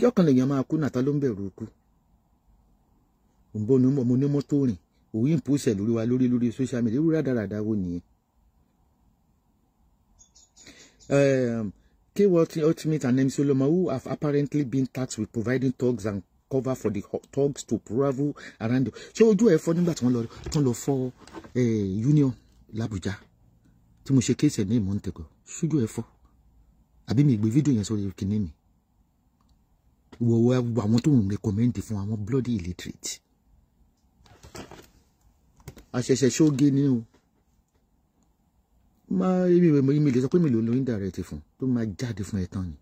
jọ́ kan lèèyàn máa kú nàta ló ń bẹ̀rù ikú òǹbọ̀nù mọ̀ mo ní mọ́tò rìn òun ìpòsẹ̀ lórí wa lórí lórí social media irú rádaràda wo nìyẹn. K-World Ultimate and MC Loma, who have apparently been tasked with providing tugs and cover for the tugs to travel around. Ṣé ojú ẹ̀ fọ́ nígbà tí wọ́n lọ tán lọ fọ́ union l'Abuja tí mo ṣe kéèsì ẹ̀ ní ìmọ̀ ń tẹ̀kọ̀ ṣojú ẹ̀ fọ́ àbí mi gbé fídíò yẹn sórí kìnìún mi wọ́wọ́ àwọn tó ń rẹkọmẹ́ǹdì fún àwọn bloody illiterate àṣẹ̀ṣẹ̀ ṣóge ni o máa èmi èmi lè sọ pé mi lò lóyún dàrẹ́tì fún tó máa jáde fún ẹ tán ni.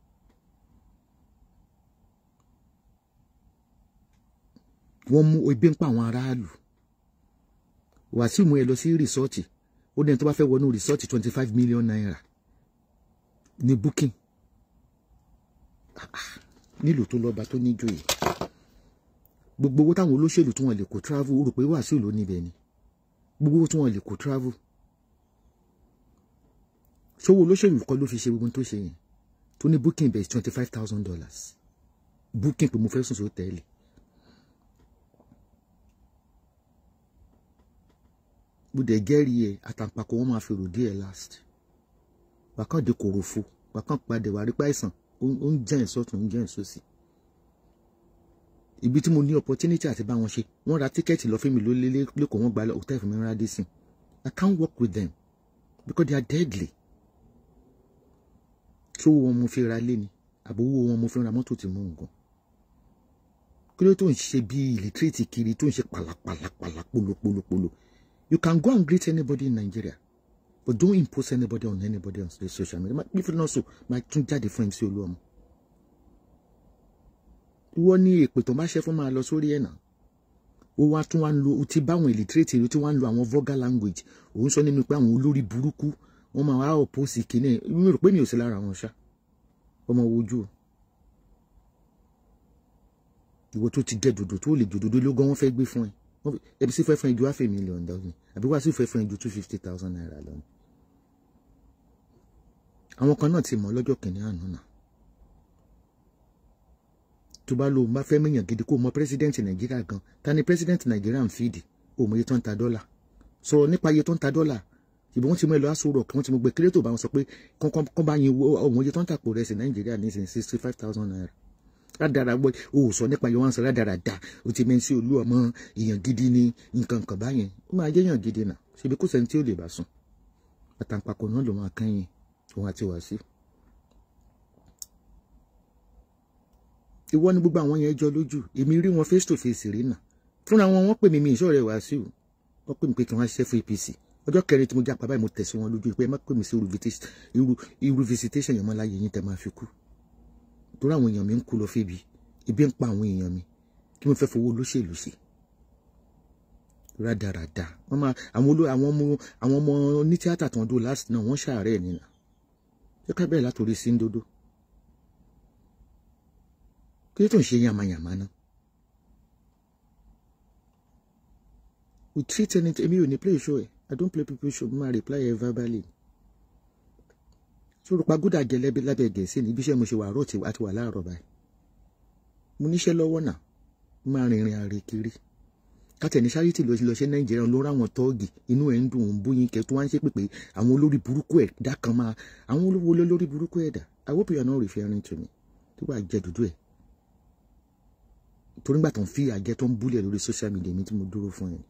wọ́n mú ebi ń pa àwọn aráàlú wàsíù mú ẹ lọ sí rìsọ́ọ̀tì ó dẹ́n tó bá fẹ́ wọnú rìsọ́ọ̀tì twenty five million naira ní booking. Ah, ah nílùú tó lọ́ba tó níjòyè gbogbo owó táwọn olóṣèlú tí wọ́n lè kó travel ó rò pé wàásù ló níbẹ̀ ni gbogbo owó tí wọ́n lè kó travel ṣòwò olóṣèlú kọ́ ló fi ṣe gbogbo tó ṣe yẹn tó ní booking base twenty five thousand dollars booking pé mo fẹ́ sùn sí hòtẹ́ẹ̀lì gbọdọ̀ gẹ́rì ẹ̀ àtàǹpàkò wọn máa fi rò díẹ̀ last wàá kàn dé kòròfo wàá kàn padà wàá rí páìsàn ó ń jẹ́yìn sọ́tún ó ń jẹ́yìn sósì ibi tí mo ní opportunity àti bá wọn ṣe wọ́n ra tíkẹ́ẹ̀tì lọ fún mi lẹ́kọ̀ọ́ wọ́n gba hotel fún mi rárá dé sìn I can't work with them because they are deadly tó wọn mo fi ra lé ni àbówó wọn mo fi ra mọ́tò tí mò ń gan kí ló tó ń ṣe bí ìlítírètì kiri tó ń ṣe pàlàpàlà pàlà polopolopolo you can go and greet anybody in Nigeria But don't impose anybody on anybody on the social media. If not so, my tún jáde fún MC Olúọmọ. Ìwọ ni èpè tó máa ṣe fún máa lọ sórí ẹ̀ náà. Ó wá tún wá ń lo ti báwọn illiterate ló ti wá ń lo àwọn vulgar language. Òun sọ nínú pé àwọn olórí burúkú wọ́n máa wá òpósì kìíní. Mi rò pé mi ò sí lára wọn ṣá. Ọmọ wojú o. Ìwọ ti jẹ dòdò tó lè dòdò gan wọ́n fẹ́ gbé fún ẹ. Ẹbí sí fẹ́ fún ju half a million lọ ni. Àbí wá sí fẹ́ fún ẹ ju two fifty thousand naira lọ àwọn kan náà ti mọ̀ lọ́jọ́ kìíní àná náà tó bá lo bá fẹ́ mẹ́yàn gidi kó mọ pírẹsidẹ́ǹtì nàìjíríà gan ta ni pírẹsidẹ́ǹtì nàìjíríà ń fìdí òmò iye tó ń ta dọ́là sọ̀rọ̀ nípa iye tó ń ta dọ́là ìbò wọn ti mú ẹ lọ aṣọ rọ kí wọn ti mú gbé kírétò bá wọn sọ pé kán bá yin òmò iye tó ń tàpò rẹ̀ sí nàìjíríà ní sixty five thousand naira ládàra gbọ́ o ò sọ nípa yọwọ́n sọ ládàra dà o ti mẹ́ni sí olú ọmọ èèyàn gidi ni nǹkan kan báyẹn ó máa jẹ́yàn gidi náà ṣebí kò sẹ́ni tí ó lè bá sùn àtàǹpàkò náà ló máa òun àti Wàsíù ìwọ ni gbogbo àwọn yẹn jọ lójú èmi rí wọn face to face rí nà fúnra wọn wọ́n pè mí mi ìṣọ̀rẹ́ Wàsíù wọ́n pè mí pé kí wọ́n ṣiṣẹ́ fún APC e ọjọ́ kẹrin tí mo jápa báyìí mo tẹ̀sí wọn lójú pé má pè mí sí irú visitation yẹn mọ́ láyé yín tẹ́ máa fi kú torí àwọn èèyàn mi ń kú lọ fébi ebi ń pa àwọn èèyàn mi kí mo fẹ́ fowó olóṣèlú sí rádaràda wọ́n máa àwọn ọmọ ní tíátà tó ń dó last náà wọ́n ṣàárẹ̀ nìyà jẹ́ ká bẹ̀rẹ̀ látòrí sí ń dodo kí ló tó ń ṣe yàmàyàmà náà we treat anything èmi ò ní play show ẹ i don't play people show máa reply ẹ verbally sórúpa gúdà jẹ lẹbi lábẹ gẹ̀ẹ́sì níbi iṣẹ́ mo ṣe wà rọọtì àti wà láàárọ̀ báyìí mo níṣẹ́ lọ́wọ́ náà máa rìnrìn àrè kiri káàtì ẹni charity ló lọ ṣe nàìjíríà ló ráwọn tọ́ọ̀gì inú ẹ̀ ń dùn ún bóyin kẹ́ tó wá ń ṣe pèpè àwọn olórí burúkú ẹ̀dá kan máa àwọn olówó olórí burúkú ẹ̀dá I hope you are not referring to me tó bá jẹ dúdú ẹ̀ torí nígbà tó ń fi àjẹ tó ń búlẹ̀ lórí social media mi tí mo dúró fún yẹn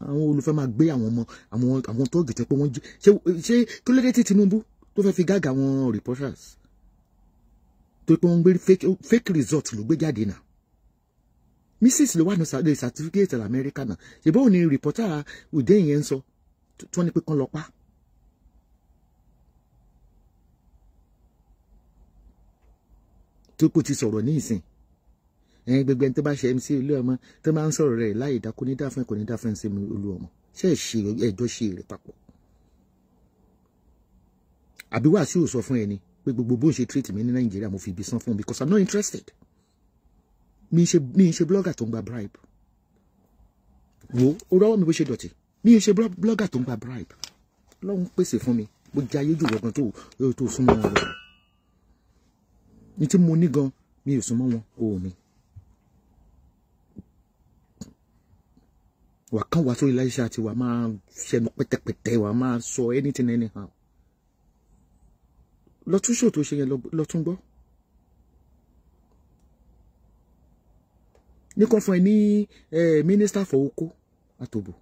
àwọn olùfẹ́ máa gbé àwọn ọmọ àwọn àwọn tọ́ọ̀gì tó pé wọ́n jẹ ṣé ṣé kí ló dé tí Tinubu tó fẹ́ fi gáàgà àwọn reporters tó pé wọ́n gbé fake result ló gbé jáde náà mrs ló wà ní certificate lamẹ́ríkà náà ṣèbí òun ni reporter òde yẹn ń sọ tí wọ́n ní pé kán lọ pa. tó kò ti sọ̀rọ̀ ní ìsìn ẹ̀yin gbẹgbẹ́ tó bá ṣe mc olú ọmọ tó máa ń sọ̀rọ̀ rẹ̀ láì dá kò ní dá fún ẹ kò ní dá fún ẹ ṣe olú ọmọ ṣe é ṣe ẹjọ́ ṣe rẹ̀ papọ̀ àbí wàásù sọ fún ẹni pé gbogbo bó ń ṣe treat mi ní nàìjíríà mo fi ibi san fún un because i'm not interested mi ṣe mi ṣe blogger tó ń gba bribe wo orọ́wọ́ mi bó ṣe dọ̀tí mi ṣe blogger tó ń gba bribe lọ́hún pèsè fún mi mo jẹ ayé jù wọ̀gàn tó tó súnmọ́ wọn lọ ní tí mo ní gan mi ò súnmọ́ wọn o mi. wà kán wá sórí láyé ṣáà tí wà máa ṣẹnu pẹ́tẹ́pẹ́tẹ́ wà máa sọ anything anyhow lọ́tún ṣòtò ṣe yẹn lọ́tún gbọ́. ní kọ́ fún ẹ ní mínísítà for oko àtòbò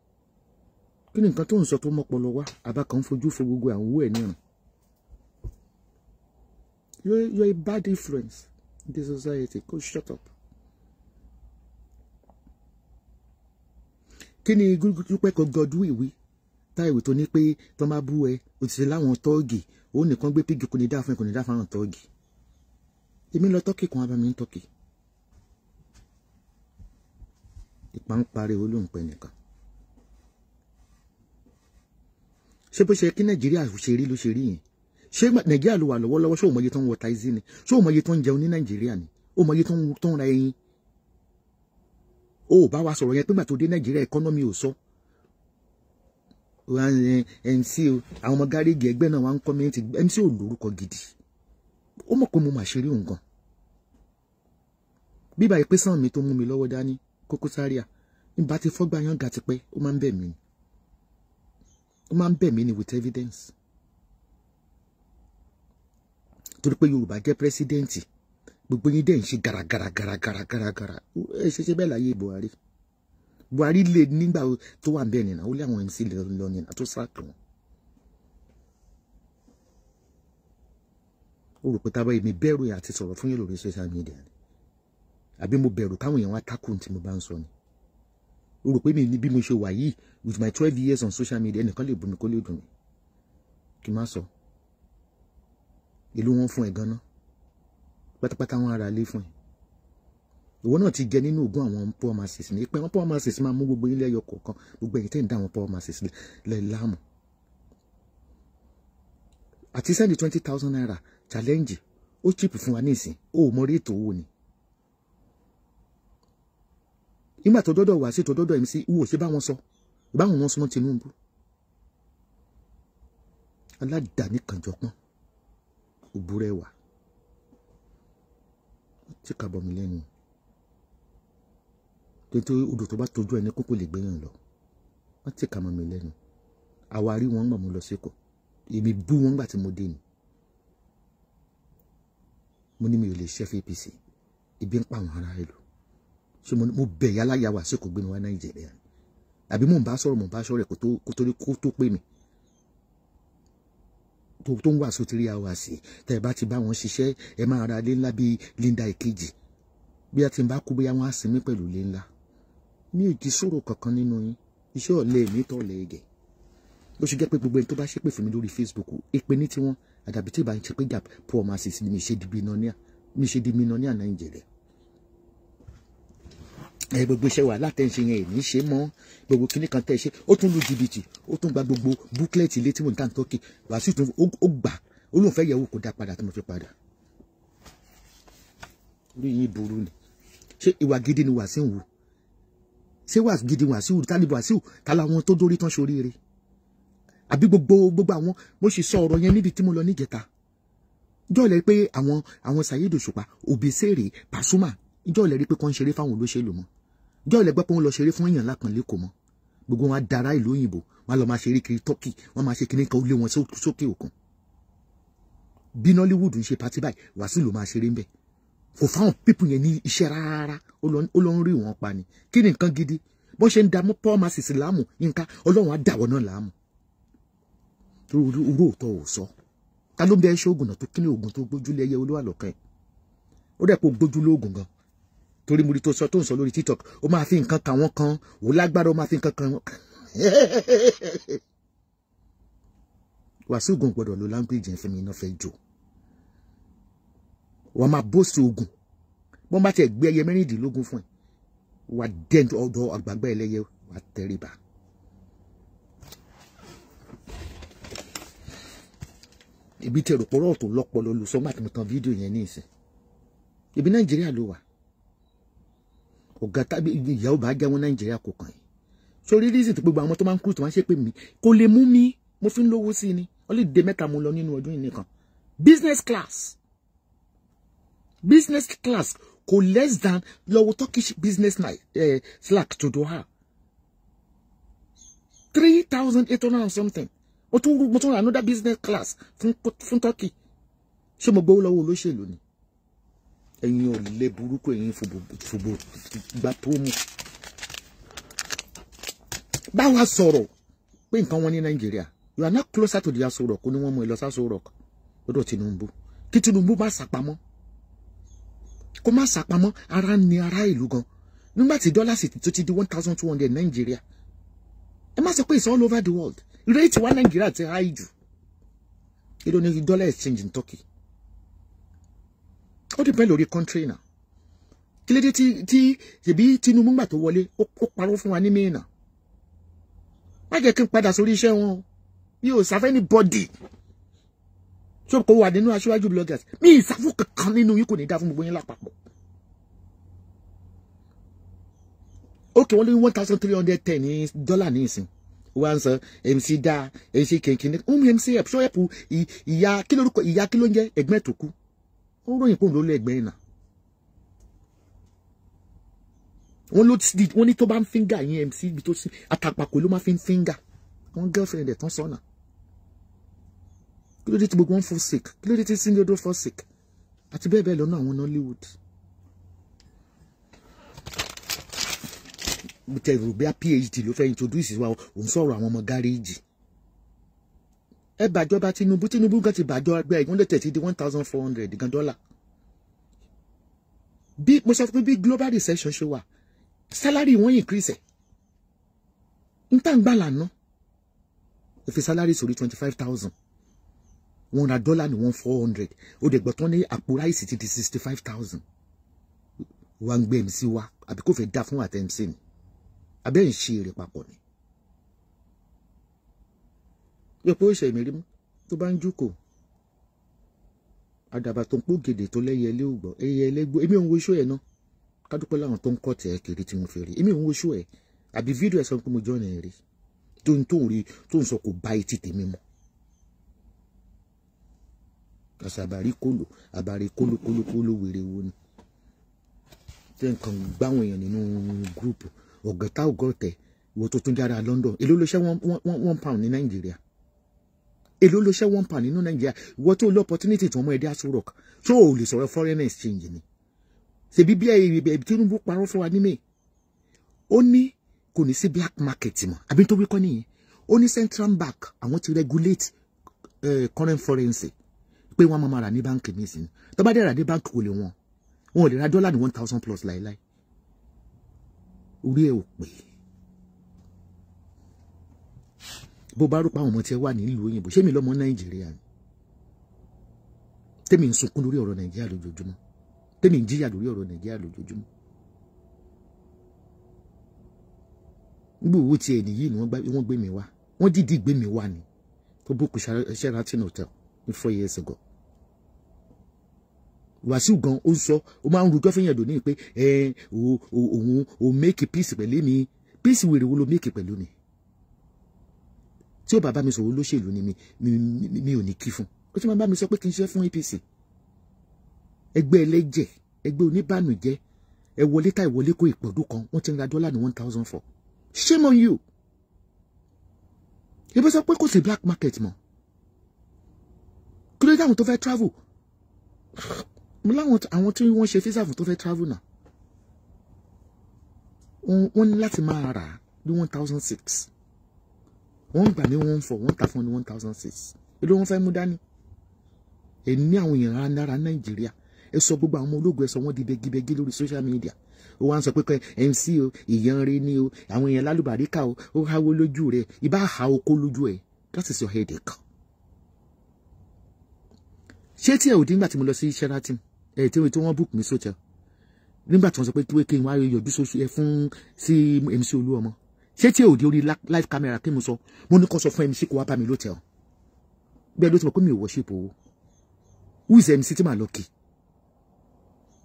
kí ni nǹkan tó ń sọ tó mọ́pọlọ wá àbá kan fojú fo gbogbo àwọn owó ẹ̀ ní ọ̀ràn you're, a bad influence in the society go shut up. kí ni dúpẹ́ kan gọdún ìwé táìwé tó ní pé tó máa bú ẹ òtítì láwọn tọ́ọ̀gì òun nìkan gbé pígì kò ní dáa fún ẹ kò ní dáa fún àwọn tọ́ọ̀gì èmi lọ tọ́kì kan abàmì ń tọ́kì. ìpá ń parí olóńpẹ nìkan ṣé bó ṣe kí nàìjíríà ṣe rí ló ṣe rí yẹn ṣé nàìjíríà ló wà lọ́wọ́lọ́wọ́ ṣé òmọye tó ń wọ táìsì ni ṣé òmọye tó ń jẹun ní nàìjíríà ni òmọye tó ń ra ẹyin o ò bá wa sọ̀rọ̀ yẹn pígbà tó dé nàìjíríà ẹkọ́nọ́mì ò sọ eh, mc o àwọn ọmọ gáréèjì ẹgbẹ́ náà wà kọ́ mẹ́tì mc ò lórúkọ gidi ó mọ̀ pé mo mà ṣe rí òun bíbá ìpèsè mi tó mú mi lọ́wọ́ dání Koko Zaria nígbà tí fọ́gbà yànga ti pẹ́ ó máa ń bẹ̀ mí ni ó máa ń bẹ̀ mí ni with evidence torí pé Yorùbá jẹ́ pírẹ́sídẹ́ǹtì gbogbo yín dẹ̀ ń ṣe gàràgàràgàràgàràgàrà ẹ ṣe ṣe bẹ́ẹ̀ láyé Buhari Buhari lè nígbà tó wà bẹ́ẹ̀ nìyà ó lé àwọn MC lọ nìyà tó sáàkì wọn. o rò pé tábà èmi bẹ̀rù àti sọ̀rọ̀ fún yín lórí social media ni àbí mo bẹ̀rù káwọn èèyàn wá tákùn tí mo bá ń sọ ni o rò pé mi ní bí mo ṣe wà yìí with my twelve years on social media ẹnìkan lè bú mi kó lè dùn mí kí n má sọ ìlú wọn fún ẹ ganan pátápátá wọn ara lé fún ẹ ìwọ náà ti jẹ nínú ògùn àwọn poor masses ní pé àwọn poor masses máa mú gbogbo ilé ẹyọ kọ̀ọ̀kan gbogbo ẹ̀yin tẹ́ ń dá àwọn poor masses lẹ láàmú àti sẹ́ni twenty thousand naira challenge ó chip fún wa ní ìsìn ó mọ rí ètò owó ni nígbà tó dọ́dọ̀ wá sí tó dọ́dọ̀ MC wò ṣe bá wọn sọ ìbáwọn wọn súnmọ́ Tinubu aládàáni kànjọpọ́n òbúrẹ́wà tí kà bọ̀ mí lẹ́nu nítorí odò tó bá tójú ẹni kókò lè gbéyàn lọ wọ́n ti kà mi lẹ́nu àwárí wọn gbà mo lọ sí kò èmi bú wọn gbà tí mo dé ni mo ní mi ò lè ṣẹ́ fún APC ibi ń pa àwọn ará ìlú ṣé mo bẹ̀ ìyá láyà wá sí kò gbé mi wá nàìjíríà àbí mò ń bá sọ̀rọ̀ mò ń bá sọ̀rọ̀ kó tó kó tó pè mí tó ń wàásù three hours tẹ́ ẹ bá ti bá wọn ṣiṣẹ́ ẹ máa ra lé ńlá bíi Linda Ìkejì bí a ti ń bá kú bóyá wọn á sinmi pẹ̀lú lé ńlá mi ò ti sọ̀rọ̀ kankan nínú yín iṣẹ́ ọ̀lẹ mi tọ̀ lẹ ẹ̀gẹ̀ ó ṣe jẹ́ pé gbogbo ẹni tó bá ṣépè fún mi lórí Facebook èpè ní tiwọn àdàbí tí ìbá ń ṣe pé gap poor masses ni mi ṣe di mílíọ̀nìà mi ṣe di mílíọ̀nìà Nàìjíríà gbogbo iṣẹ́ wà látẹ̀ǹṣe yẹn ìní ṣe mọ́ gbogbo kíní kan tẹ̀ ṣe ó tún lu jìbìtì ó tún gba gbogbo búkẹ́lẹ̀tì ilé tí mò ń tà ń tọ́kì wàásù tún ó gbà ó lóun fẹ́ yẹ̀wò kó dá padà tí mo fi padà. orí yìí burú ni ṣé ìwà gidi ni wàásù wù ṣé wà gidi wàásù tálíbù wàásù tálá wọn tó dórí tán ṣoríire àbí gbogbo gbogbo àwọn mo sì sọ ọ̀rọ̀ yẹn níbi tí mo lọ níjẹta jọ́ọ̀lẹ́ pé àwọn àwọn Saheed Òṣùpá Òbésèrè Pasuma jọ́ọ̀lẹ́ rí pé kàn ń ṣeré fáwọn olóṣèlú mọ́ jọ́ ilẹ̀ gbọ́ pé wọ́n lọ ṣeré fún èèyàn lápọ̀nlé kò mọ́ gbogbo wọn á dara ìlú òyìnbó wọn á lọ máa ṣeré kiri tọ́kì wọn máa ṣe kinní kan ó lé wọn sókè òkun bí Nollywood ń ṣe pati báyìí Wàsíù ló máa ṣeré ń bẹ̀ kò fáwọn pípù yẹn ní iṣẹ́ rárá ó lọ ń rí wọn pa ni kí ni nǹkan gidi bó ṣe ń da mọ́ paul masis láàmú nǹkan ọlọ́run á dàwọ̀ náà láàmú irú òótọ́ ò sọ ta ló ń bẹ ṣe oògùn náà tó kí ni oògùn tó gbójúlé ẹyẹ olúwa lọ́kàn ẹ̀ ó dẹ̀ kó gbójúlé oògùn gan torí mo rí tó sọ tó ń sọ lórí tiktok ó máa fi nǹkan kà wọ́n kan ó lágbára ó máa fi nǹkan kan wọ́n kan. wàásù ogun gbọdọ̀ lo language yẹn fẹ́mi iná fẹ́ jò wọ́n máa bóṣù ogun wọ́n bá tiẹ̀ gbé ẹyẹ mẹ́rìndínlógún fún ẹ wà dẹ́n ọ̀dọ̀ àgbàgbà ẹlẹ́yẹ wà tẹríba. ibi tẹ̀rọ̀pọ̀rọ̀ tó lọ́pọ̀ lọ́lù sọ́gbà tí mo tan fídíò yẹn ní ìsìn ibi nàìjíríà ló wà ọ̀gá tábìlì ìyàwó bá jẹ́ wọn nàìjíríà kò kàn yín sórí rízì tó gbogbo àwọn tó máa ń kú tó máa ń ṣépè mí kò lè mú mi mo fi ń lówó sí i ni ọlẹ́dẹ mẹ́ta mo lọ nínú ọdún yìí nìkan business class business class kò less than lọ́wọ́ turkish business eh, slack to do her. three thousand eight hundred and something mo tún mo tún another business class fún fún turkey ṣé mo gbowó lọ́wọ́ olóṣèlú ni ẹ̀yin ọ̀lẹ burúkú ẹ̀yin fòbò gba promo bá wa sọ̀rọ̀ pé nǹkan wọn ní nàìjíríà you are not closer to the Aso Rock ó ní wọ́n mú ẹ lọ sí Aso Rock lọ́dọ̀ Tinubu kí Tinubu má sàpamọ́ kó má sàpamọ́ ara ni ara ìlú gan nígbà tí dọ́là sì tó ti di one thousand two hundred nàìjíríà ẹ má sọ pé it's all over the world rate wa nàìjíríà ti high jù kí ló ní dọ́là exchange ní Turkey ó dìpẹ́ lórí country náà kí lédè tí tí tèbí Tinubu gbà tó wọlé ó parọ́ fún wa ní mìíràn náà má jẹ́ kí n padà sórí iṣẹ́ wọn mi ò sáfẹ́ ní bọ́dì tó kó wà nínú aṣíwájú bloggers mi ìsáfù kankan nínú yìí kò ní dá fún gbogbo yín lápapọ̀ ókè wọ́n lé one thousand three hundred ten ní dọ́là ní ìsìn wọ́n ń sọ mc dá mc kìnkìn ní mc help ṣọ́ help ìyá kí lórúkọ ìyá kí ló ń jẹ́ ẹ̀gbọ́n ẹ̀ tó kú ó ròyìn pòun ló lẹ́gbẹ̀ẹ́ náà wọ́n ló ti wọ́n ní tó bá ń fíńgà yín MC ibi tó ti àtàpàkò ló máa fi ń fíńgà wọ́n girlfriend ẹ̀ tán sọ́nà kí ló dé tí gbogbo wọn forsake kí ló dé tí Sunday Igboho forsake àti bẹ́ẹ̀ bẹ́ẹ̀ lọ́nà àwọn Nollywood. mo tẹ rò bí a PhD ló fẹ́ introduce wa òun sọ̀rọ̀ àwọn ọmọ gáréèjì ẹ bàjọba Tinubu Tinubu gan ti bàjọ ẹgbẹ́ ìgúnlẹ̀ tẹ̀sí di one thousand four hundred gan dọ́là bí mo sọ pé bí global recession ṣe wà salary wọn increase ẹ̀ n tá n gbà lànà ẹ salary sori twenty five thousand wọn ra dọ́là ní one four hundred ó dẹ̀ gbọ́tán ní àpò ráìsì ti di sixty five thousand wa ń gbé mc wa àbí kò fẹ́ dá fún àtẹ̀mísì ni abẹ́ ń ṣe èrè papọ̀ ni yóò pé ó ṣe ìmírí mú tó bá ń jókòó àdàbà tó ń pò gèdè tó lẹ́yẹ ilé ògbọ́ ẹyẹ ẹlẹ́gbọ́ èmi òun wo iṣó ẹ̀ náà kádúpẹ́ láwọn tó ń kọ́ tẹ̀ ẹ́ kiri tí mo fi rí èmi òun wo iṣó ẹ̀ àbí fídíò ẹ̀ sọ pé mo jọ́ ọ̀nà rí tó ń tó ń rí tó ń sọ kò bá etí tèmi mu. kàṣà àbárí kòlò àbárí kòlò kòlò kòlò wèrè wo ni tẹ́ nǹkan gbáwọn èèyàn nínú gúrùpù ọ̀gọ́ta ọ̀gọ́tẹ̀ wo tó tún London èló ló ṣẹ́ one pound ní Nàìjíríà èló ló ṣẹ́ one pound nínú nàìjíríà ìwọ tó lọ opportunity tó ọmọ ẹ̀dẹ́ aṣọ rock tó o lè sọ̀rọ̀ foreign exchange ni ṣèbí bí ẹ Tinubu parọ́ fún wa ní may ó ní kò ní sí black market mọ́ àbí tó wíkọ́ nìyẹn ó ní central bank àwọn ti regulate uh, current currency pé wọ́n máa ra ní báńkì nísìnyí tó bá dé ra ní báńkì kò lè wọ́n wọn ò lè ra dọ́là ní one thousand plus láéláé orí ẹ̀ ò pè é. bó bá rò pé àwọn ọmọ tiẹ̀ wà nílùú òyìnbó ṣé mi lọ́mọ nàìjíríà ni tèmi ń sunkún lórí ọ̀rọ̀ nàìjíríà lójoojúmọ́ tèmi ń jìyà lórí ọ̀rọ̀ nàìjíríà lójoojúmọ́ gbòòwò tiẹ̀ nìyí ni wọ́n gbé mi wá wọ́n dìdí gbé mi wá ni tó búkú Sheraton hotel ní four years ago wàsíù gan ó sọ ó máa ń rojọ́ fẹ́yìn ẹ̀dùn ní pé ẹ̀ òun ò make peace pẹ̀lú mi peace wèrè wo ló make pẹ̀lú mi tí ó bá bá mi sọ̀rọ̀ olóṣèlú ni mi mi ò ní kí fún ó ti máa bá mi sọ pé kí n ṣe fún APC ẹgbẹ́ ẹlẹ́jẹ̀ ẹgbẹ́ oníbànújẹ́ ẹ wọlé ta ìwọlé kó ìpọ̀dún kan wọ́n ti ń ra dọ́là ní one thousand four shame on you ìbí sọ pé kò sí black market mọ́ kí ló dé àwọn tó fẹ́ travel mo láwọn àwọn tí wọ́n ṣe visa fún tó fẹ́ travel náà wọ́n ní láti máa rà ní one thousand six wọ́n ń gbà ní one four wọ́n ń tà fún ní one thousand six èló wọ́n fẹ́ mú dání ẹ̀ ní àwọn èèyàn anára nàìjíríà ẹ sọ gbogbo àwọn ológun ẹ sọ wọn di begibegi lórí social media ó wá ń sọ pé MC o ìyanre ni o àwọn èèyàn lálùbáríkà o ó háwó lójú rẹ ìbá ha okó lójú ẹ that is your headache. ṣé tí ẹ ò dín nígbà tí mo lọ sí Sheraton ẹ tí wọ́n book mi sóòtẹ nígbà tí wọ́n sọ pé kí wọ́n wá yọjú sóṣù ẹ fún sí MC Olúọmọ ṣé tí òde orí live camera kí mo sọ mo ní kó sọ fún MC kó wá bá mi lóòtẹ́ ọ bẹ́ẹ̀ ló ti mọ̀ pé mi ò worship owó who is MC tí màá lọ kí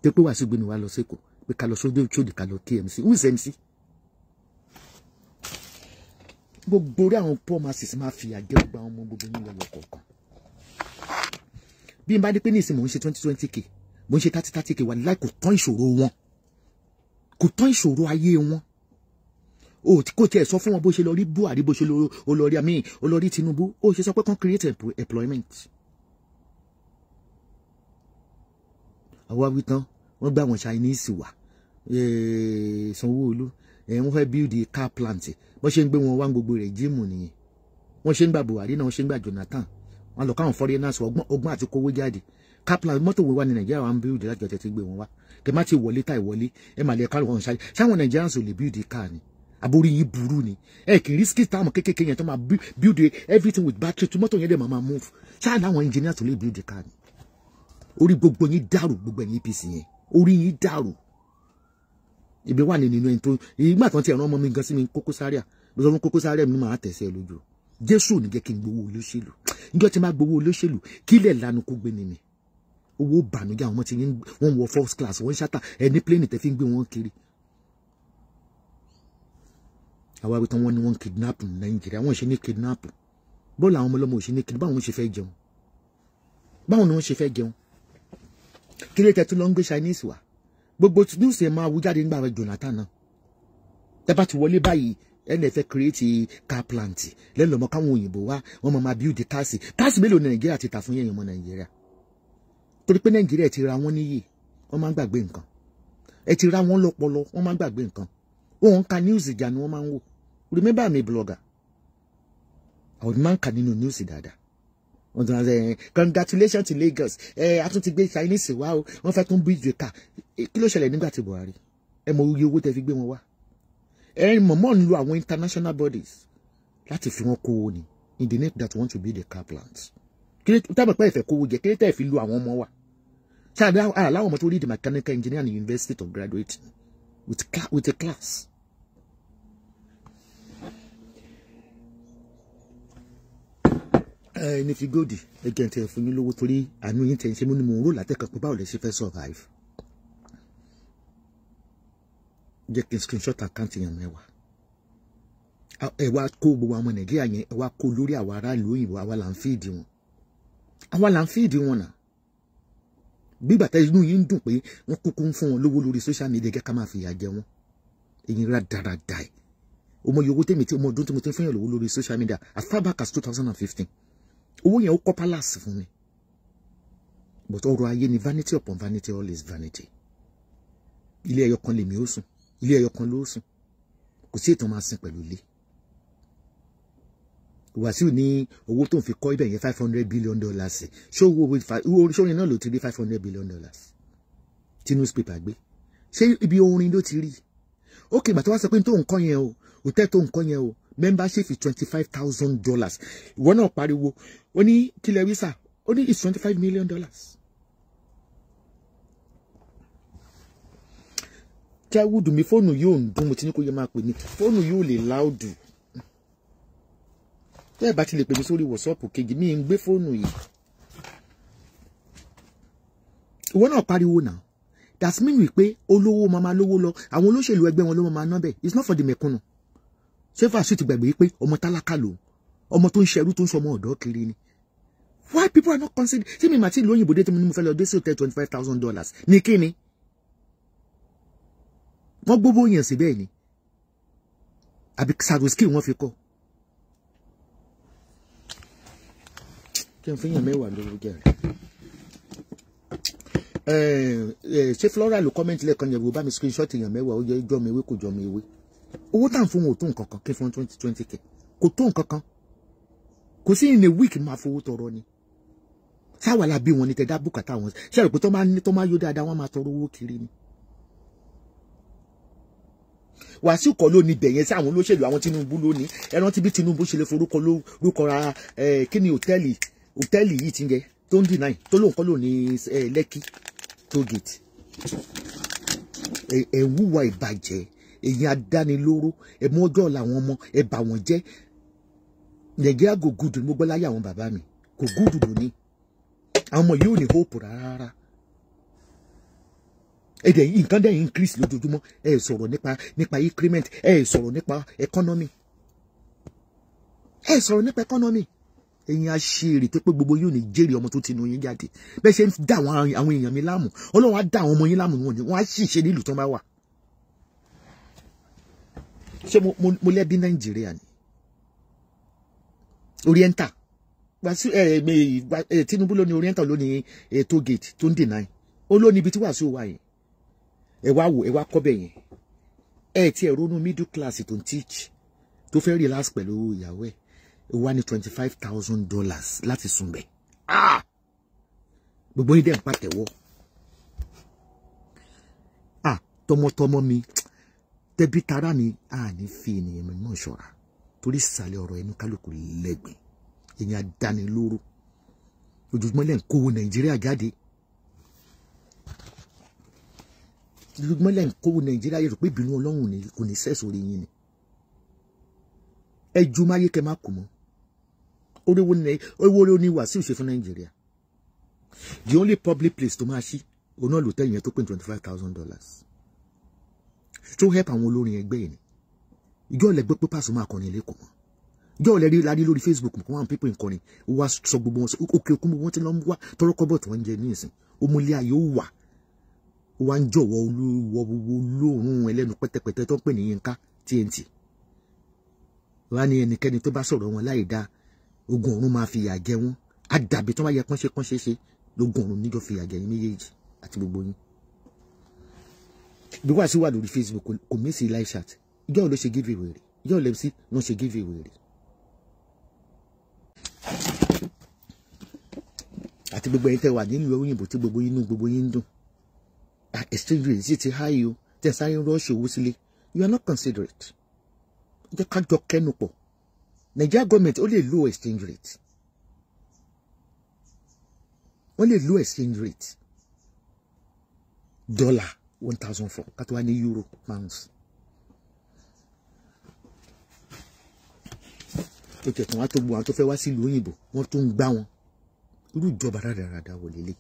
tó pé Wasiu gbé mi wá lọ sí Èkó pé ká lọ sódò ìṣòdì ká lọ kí MC who MC gbogbo orí àwọn poor masses máa fi àjẹ gba ọmọ gbogbo yín lọ́wọ́ kọ̀ọ̀kan bí n bá dé pé ní ìsìn mò ń ṣe twenty twenty k mò ń ṣe thirty thirty k wà láì kò tán ìṣòro wọn kò tán ìṣòro ayé wọn o kò tiẹ̀ sọ fún wọn bó ṣe lọ rí Buhari bó ṣe lọ olórí àmì olórí Tinubu ó ṣe sọ pé kan create employment. àwa wí tán wọ́n gbà wọ́n Chinese wà Sanwó-Olú wọ́n fẹ́ build a car plant bọ́n ṣe ń gbé wọn wá gbogbo rẹ̀ jíìmù nìyẹn wọ́n ṣe ń gba Buhari náà wọ́n ṣe ń gba Jonathan wọ́n lọ káwọn foreigners ọgbọ́n àti kówó jáde car plant mọ́tò wo wa ní Nàìjíríà wa ń build láti ọ̀tẹ̀ tí gbé wọn wá kẹ wọlé tá ìwọlé ẹ má lè ká ṣáájú ṣáwọn Nigerians ò lè build car ni àbórí yìí burú ni ẹ kì í risky táwọn kékèké yẹn tó máa build everything with battery tó mọ́tò yẹn dẹ̀ máa máa move ṣáà láwọn engineer tó lè build the car ni orí gbogbo yín dàrú gbogbo ẹ̀yin APC e yẹn orí yín dàrú ibi wà ní nínú ẹni tó ìgbà tán tí ẹ̀rọ ọmọ mi gan sí mi Koko Zaria mo sọ fún Koko Zaria mi máa tẹ̀sẹ̀ lójú Jésù ò ní jẹ́ kí n gbowó olóṣèlú níjọ́ tí máa gbowó olóṣèlú kí ilẹ̀ lanu kó gbé ni mi owó bànújẹ́ àwọn ọmọ tí wọ́n wọ first class wọ́n ṣátà ẹni pléènì tẹ́ fi ń gbé wọn kiri àwa wí tán wọ́n ní kidnap ní nàìjíríà wọ́n ṣe ní kidnap bọ́ọ̀lù àwọn ọmọlọ́mọ ò ṣe ní kidnap báwọn ṣe fẹ́ jẹun báwọn ni wọ́n ṣe fẹ́ jẹun kí ló ń gbé chinese wá gbogbo news ẹ máa wú jáde nígbà rẹ jonathan náà ẹ bá ti wọlé báyìí ẹni ẹ fẹ́ create car plant lẹ́nu ọmọ káwọn òyìnbó wá wọ́n máa build káàsì káàsì mélòó ní nàìjíríà ti tà fún yẹ̀yìn ọmọ nàìjíríà torí pé nàìjíríà ti ra wọ́n níyì wọ́n máa ń gbàgbé nǹkan ẹ ti ra wọ́n lọ́pọlọ wọ́n máa ń gbàgbé nǹkan wọn ka news jà ni wọ́n máa remember I'm a blogger àwọn man máa ń kà nínú news dáadáa wọ́n tún ṣe congratulations to Lagos Eh, tún ti gbé Chinese wá o wọ́n fẹ́ tún bíjì ká eh, kí ló ṣẹlẹ̀ nígbà tí Buhari ẹ mọ oye owó tẹ fi gbé wọn wá ẹ mọ̀mọ́ ń lo àwọn international bodies láti fi wọn kówó ni in the net that want to be the car plant tábà pẹ́ ìfẹ́ kówó jẹ kí lẹ́tà ìfi lu àwọn ọmọ wa ṣáà aláwọ̀ ọmọ tó rí the mechanical engineer and university to graduate with, with a class ẹni eh, fi góòdì ẹgẹ tẹ fún yín lówó torí àánú yín tẹ ń ṣe mú ni mò ń rò látẹkọọ pé báwo lẹ ṣe fẹ́ survive jẹ́ kí n screenshot account yẹn mẹ́wàá ẹ wá kó gbogbo àwọn nàìjíríà yẹn ẹ wá kó lórí àwọn aráàlú òyìnbó àwa là ń fíìdì wọn àwa là ń fíìdì wọn náà gbígbà tẹ inú yín dùn pé wọ́n kúkú ń fún wọn lówó lórí social media gẹ́gẹ́ ká máa fìyà jẹ wọn èyí rà dáradára ẹ ọmọ yorùbá tèmi tí ọmọ ọdún tí mo ti fún yàn lówó lórí social media as far back two thousand and fifteen owó yẹn ó kọ́ palace fún mi but ọrọ̀ ayé ni vanity upon vanity always vanity ilé ẹyọ kan lèmi ó sùn ilé ẹyọ kan ló sùn kò sí ìtàn máa sin pẹ̀lú ilé Wàsíù ní owó tó ń fi kọ́ ibẹ̀ yẹn five hundred billion dollars ṣé owó orin náà ló ti rí five hundred billion dollars tí newspaper gbé ṣé ibi orin ló ti rí ó kè bàtà wá sọ pé tó nǹkan yẹn o òtẹ́ tó nǹkan yẹn o membership twenty five thousand dollars ìwọ náà pariwo ó ní kílẹ̀ wísà ó ní it's twenty five million dollars. tẹ́wùdù mi fóònù yóò ń dún mo ti ní kó yẹ máa pè ní fóònù yóò lè láòdù tẹ́ ẹ̀ bá ti lè pè mí sórí wọ̀sọ́ọ̀pù kejì mi ń gbé fóònù yìí ìwọ náà pariwo náà that mean wípé olówó mama lówó lọ àwọn olóṣèlú ẹgbẹ́ wọn ló mama ná bẹ́ẹ̀ it's not for the mẹ̀kúnnù ṣé fàṣítì gbàgbé pé ọmọ tálákà lòun ọmọ tó ń ṣerú tó ń sọmọ ọ̀dọ́ kiri ni why people are not considering ṣé me, màtí ìlú òyìnbó dé tí mo ní mo fẹ́ lọ dé sí hòtẹ́ẹ̀lì twenty five thousand dollars ní kíni wọ́n gbówó yẹn sí bẹ́ẹ̀ ni àbí sagoski wọ́n fi kọ́. kí n fi yàn mẹ́wàá lórí jẹ́rìí ṣé flora ló kọ́mẹ́ntì lẹ́ẹ̀kan yẹ̀wò bá mi screenshot èèyàn mẹ́wàá ó yẹ jọ́ mi ewé kò jọ́ mi ewé owó tá à ń fún wọn ò tó nǹkan kan kí fún twenty twenty k kò tó nǹkan kan kò sí in a week máa fowó tọrọ ni sáwà la bí wọn ni tẹ̀dá bùkátà wọn ṣe rò pé tó máa ní tó máa yó dáadáa wọn máa tọrọ owó kiri ni. Wàsíù kọ́ ló ní bẹ̀yẹn sí àwọn olóṣèlú àwọn Tinubu lónìí ẹ rántí bí Tinubu ṣe lè forúkọ lórúkọ ra kí ni hòtẹ́ẹ̀lì hòtẹ́ẹ̀lì yìí ti ń jẹ tó ń dì náà tó lóun kọ́ ló ní Lẹ́kì tógèètì ẹ̀ ń wúwa ìbàjẹ́ èyàn adánilóró ẹ̀mú ọjọ́ làwọn ọmọ ẹ̀ bà wọ́n jẹ́ Nàìjíríà kò gùdù mo gbọ́ láyé àwọn bàbá mi kò gùdù lónìí àwọn ọmọ yìí ò ní hope rárá èdè nǹkan dẹ̀ increase lójoojúmọ́ ẹ sọ̀rọ̀ nípa nípa increment ẹ sọ̀rọ̀ nípa economy ẹ sọ̀rọ̀ nípa economy ẹ̀yin aṣèrè tó pé gbogbo yóò ní jèrè ọmọ tó ti nu yín jáde bẹ́ẹ̀ ṣe ń dà àwọn èèyàn mi láàmú ọlọ́run á dà àwọn ọmọ yín láàmú wọn ni wọ́n á sì ṣe nílùú tó bá wà. ṣé mo lẹ́bí nàìjíríà ni oriental Wàsíù ẹ eh, eh, Tinubu ló ní Oriental ló ní ètò eh, gate tó ń dènà yìí ó ló ní ibi tí Wàsíù wà yẹn ẹ wá wò ẹ wá kọ́ bẹ̀ ẹ ti ẹ ronú middle class tó ń teach tó fẹ́ relax pẹ̀lú ìyàwó ẹ̀ ó wá ní twenty five thousand dollars láti sùn bẹ̀ ah! gbogbo yín dẹ̀ ń pàtẹ́wọ́ ah, tọmọtọmọ mi tẹbí tará mi àní fi ènìyàn mi náà ṣọ́ra torí ìsàlẹ̀ ọ̀rọ̀ ẹnu kálukú lẹ́gbẹ̀ẹ́ èèyàn àdánilóró ojoojúmọ́ lẹ́ ń kówó nàìjíríà jáde ojoojúmọ́ lẹ́ ń kówó nàìjíríà yẹ̀rọ pé ìbínú ọlọ́run kò ní sẹ́ sórí yín ni ẹ ju máyé kẹ má kù mọ́ oríwo orí oní wàásù ṣe fún nàìjíríà the only public place tó máa ṣí òun náà ló tẹ̀yìn yẹn tó pé twenty five thousand dollars tó help àwọn olórin ẹgbẹ́ yìí ni ìjọ́ ọ̀lẹ́gbẹ́ pé pàṣẹ máa kọrin lẹ́kọ̀ọ́ mọ́ jọ́ọ̀ lẹ́rí lárí lórí Facebook kò wọ́n pípé nǹkan ni ó wá sọ gbogbo wọn òkè òkun gbogbo wọn ti lọ ń wá tọrọkọ́bọ̀ tí wọ́n ń jẹ ní ìsìn omolé ayé ó wà ó wá ń jọ̀wọ́ olúwọ́ olóòórùn ẹlẹ́nu pẹ́tẹpẹ́tẹ tó ń pè ní Yínká TNT wá ní ẹnikẹ́ni tó bá sọ̀rọ̀ wọn láì dáa ogun ọ̀run máa fìyà jẹ wọn á dàbí tó bá yẹ kán ṣe kán ṣe ṣe lógun níjọ fìyà jẹ yín méjèèjì àti gbogbo yín bí wàá sí wà lórí Facebook kò mí sí live chat ìjọ́ ló ṣe give away rẹ̀ ìjọ́ lẹ́mí sí give away àti gbogbo ẹ̀yin tẹ́ wà nínú òyìnbó tí gbogbo yín inú gbogbo yín ń dùn ah, exchange rate sì ti háyì o tẹ̀ sáré ń rọ́ọ̀ṣì owó sílé you are not considerate ó jẹ́ ká jọ kẹ́nu pọ̀ Nigeria government ó lè lo exchange rate wọ́n lè lo exchange rate dollar one thousand four kátó wá ní euro pounds. tó tẹ̀ tán wá tó gbogbo àwọn tó fẹ́ wá sílùú òyìnbó wọ́n tó ń gbá wọn irú ìjọba rádaràda wò lélẹ̀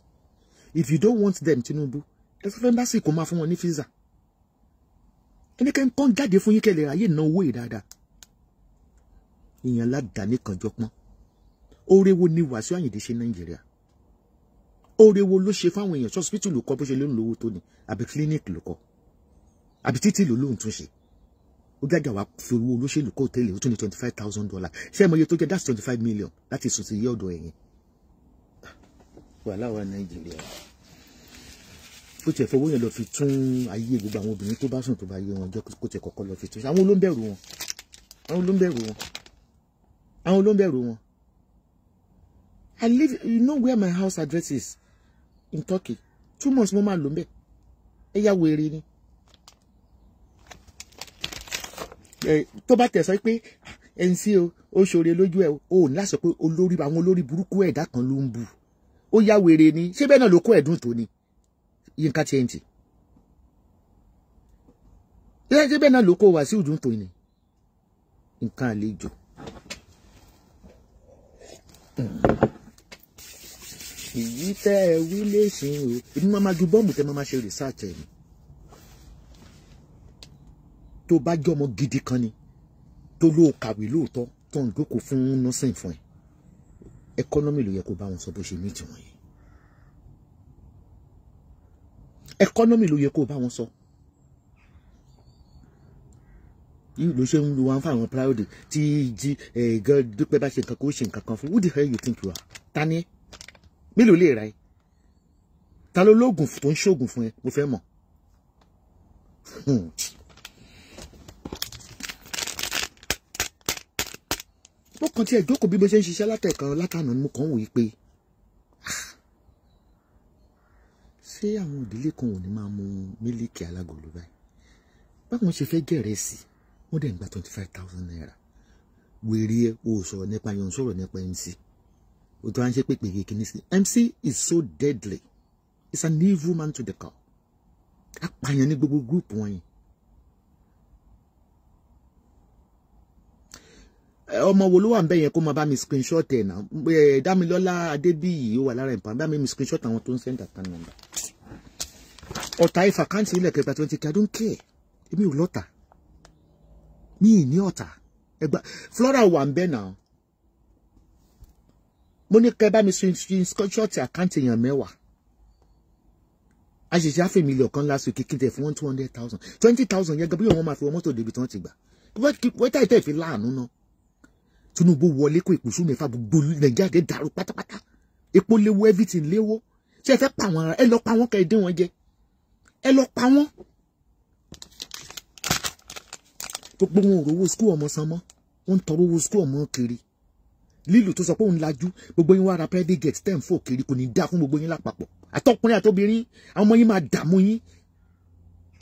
if you don't want them Tinubu ẹ sọ fẹ́ bá sì kó máa fún wọn ní fíìsà ẹnikẹ́ni kan jáde fún yín kẹ́lẹ́ ayé ìná owó ìdáadáa ìyẹn aládàáni kan jọ pọ́n oore wo ni Wàsíù Àyìndé ṣe Nàìjíríà oore wo ló ṣe fáwọn èèyàn ṣọ́sibítù ló bó ṣe ló lówó tó ni àbí clinic ló àbí títì ló lóun tún ṣe ó gàgà wá fi owó olóṣèlú kó tẹ́lẹ̀ ó tún ní twenty five thousand dollar. ṣé ẹ mọ iye tó jẹ́ that's twenty five million láti sùn sí iye ọ̀dọ̀ ẹ̀yìn wàhálà wa nàìjíríà kó tiẹ̀ fowó yẹn lọ fi tún ayé gbogbo àwọn obìnrin tó bá sùn tó bá yé wọn jẹ́ kó tiẹ̀ kọ́kọ́ lọ fi tún àwọn olóńbẹ̀rù wọn àwọn olóńbẹ̀rù wọn àwọn olóńbẹ̀rù wọn I live you know where my house address is in Turkey two months mo máa lò ń bẹ̀ ẹ̀yà wèrè ni. tó bá tẹ̀ sọ pé ẹni ah, o ó ṣoore lójú ẹ o ní láti sọ pé olórí àwọn olórí burúkú ẹ̀dá kan ló ń bu ó yá wèrè ni ṣé bẹ́ẹ̀ náà ló kó ẹ̀dùn tó ni Yínká TNT ṣé bẹ́ẹ̀ náà ló kó Wàsíù dùn tó ni nǹkan àlejò. èyí tẹ́ ẹ wí lè o èmi máa ma ju bọ́ọ̀mù tẹ́ máa ma ṣe rìsáàtì ẹ̀ tó bá jọmọ gidi kan ni tó lóò kàwé lóòótọ́ tó ń dókòó fún nọ́sìn fún ẹ ẹkọ́nọ́mì ló yẹ kó bá wọn sọ bó ṣe ní tiwọn yìí ẹkọ́nọ́mì ló yẹ kó bá wọn sọ yìí ló ṣe ń lu wọn fáwọn proud tí jí gan dúpẹ́ bá ṣe nǹkan kó ṣe nǹkan kan fún who the hell you think you are ta ni mélòó lè ra ẹ ta ló lóògùn tó ń ṣoògùn fún ẹ mo fẹ́ mọ̀. Hmm. mo kàn tiẹ̀ jókòó bí mo ṣe ń ṣiṣẹ́ látẹ̀kan látànà ni mo kàn ń wòye pé ah, ṣé àwọn ìdílé kan ò ní máa mu mílíkì alágolo báyìí báwọn ṣe fẹ́ gẹ̀rẹ́ wọ́n dẹ̀ ń gba twenty five thousand naira wèrè ẹ o sọ̀rọ̀ nípa yẹn o sọ̀rọ̀ nípa mc o tó wá ń ṣe pépè yìí kìíní sí mc is so deadly it's an evil man to the core apààyàn ní gbogbo gúrùpù wọn yìí Eh, ọmọ wo ló wà ń bẹ̀ yẹn kó máa bá mi screenshot ẹ̀ náà Dámilọ́lá Adébíyì ó wà lára ìpàn bá mi screenshot àwọn tó ń send account number ọ̀tá ifá káǹtì ilẹ̀ kẹgbà twenty k I don't care èmi ò lọ́tà mi ì ní ọ̀tá ẹgbà Flora wà ń bẹ̀ náà mo ní kẹ́ bá mi screenshot account èèyàn mẹ́wàá àṣìṣe àfẹ̀mí ilẹ̀ ọ̀kan last week kíkìtẹ̀ fún one two hundred thousand twenty thousand yẹn gẹ́gẹ́ bí wọ́n máa fi wọ́n mọ́tò débi tí wọ́n ti gbà wẹ́tà ìtẹ̀ fi láàánú náà. Tinubu wọlé kó ìpùsù mẹ́fà gbogbo Nàìjíríà dé dàrú pátápátá epo léwu everything léwó ṣé ẹ fẹ́ pa wọn ẹ lọ pa wọn kẹ́ ẹ dín wọn jẹ ẹ lọ pa wọn. gbogbo wọn ò rówó skul ọmọ san mọ́ wọ́n ń tọrọ owó skul ọmọ kiri lílù tó sọ pé òun lajú gbogbo yín wá ra private jet ten four kiri kò ní dá fún gbogbo yín lápapọ̀ àtọkùnrin àtobìnrin àwọn ọmọ yín máa dààmú yín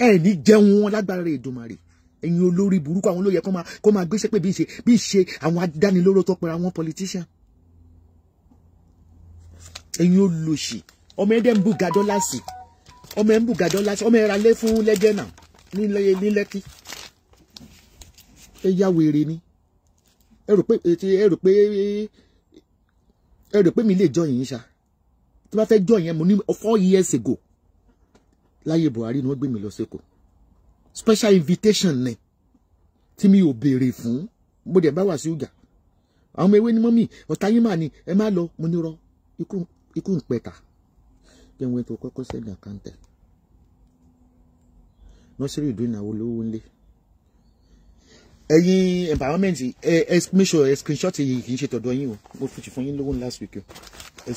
ẹ ní jẹun wọn lágbára Èdùmàrè ẹ̀yin olórí burúkú àwọn olóyè kó máa gbéṣẹ́ pé bí ṣe bí ṣe àwọn adánilóró tó pera àwọn politician ẹ̀yin olóṣì ọmọ ẹ̀dẹ̀ ń bù gàdọ́ láṣì ọmọ ẹ̀ ń bù gàdọ́ láṣì ọmọ ẹ̀ ra lé fún lẹ́jẹ̀ náà ní lẹ́kí ẹ yá wèrè ni ẹ rò pé ẹ rò pé ẹ rò pé mi lè jọ yìí ṣá tí wọ́n fẹ́ jọ yẹn mo ní four years ago láyé Buhari ni wọ́n gbé mi lọ sí special invitation ni tí mi ò béèrè fún mo dẹ̀ bá wà sí ọjà àwọn ọmọ ewé ni mọ́mì ọ̀tá yín mà ní ẹ má lọ mo ní rọ ikú ń pẹ̀tà jẹ́ wọn ètò kọ́kọ́ sẹ́yìn àkáǹtẹ̀ nọ́sírì ìdúnàwó lówó ńlẹ̀ ẹ̀yin empowerment ẹ e make sure ẹ screenshot yìí kì í ṣe tọ̀dọ̀ o mo fi fún yín lówó ní last week o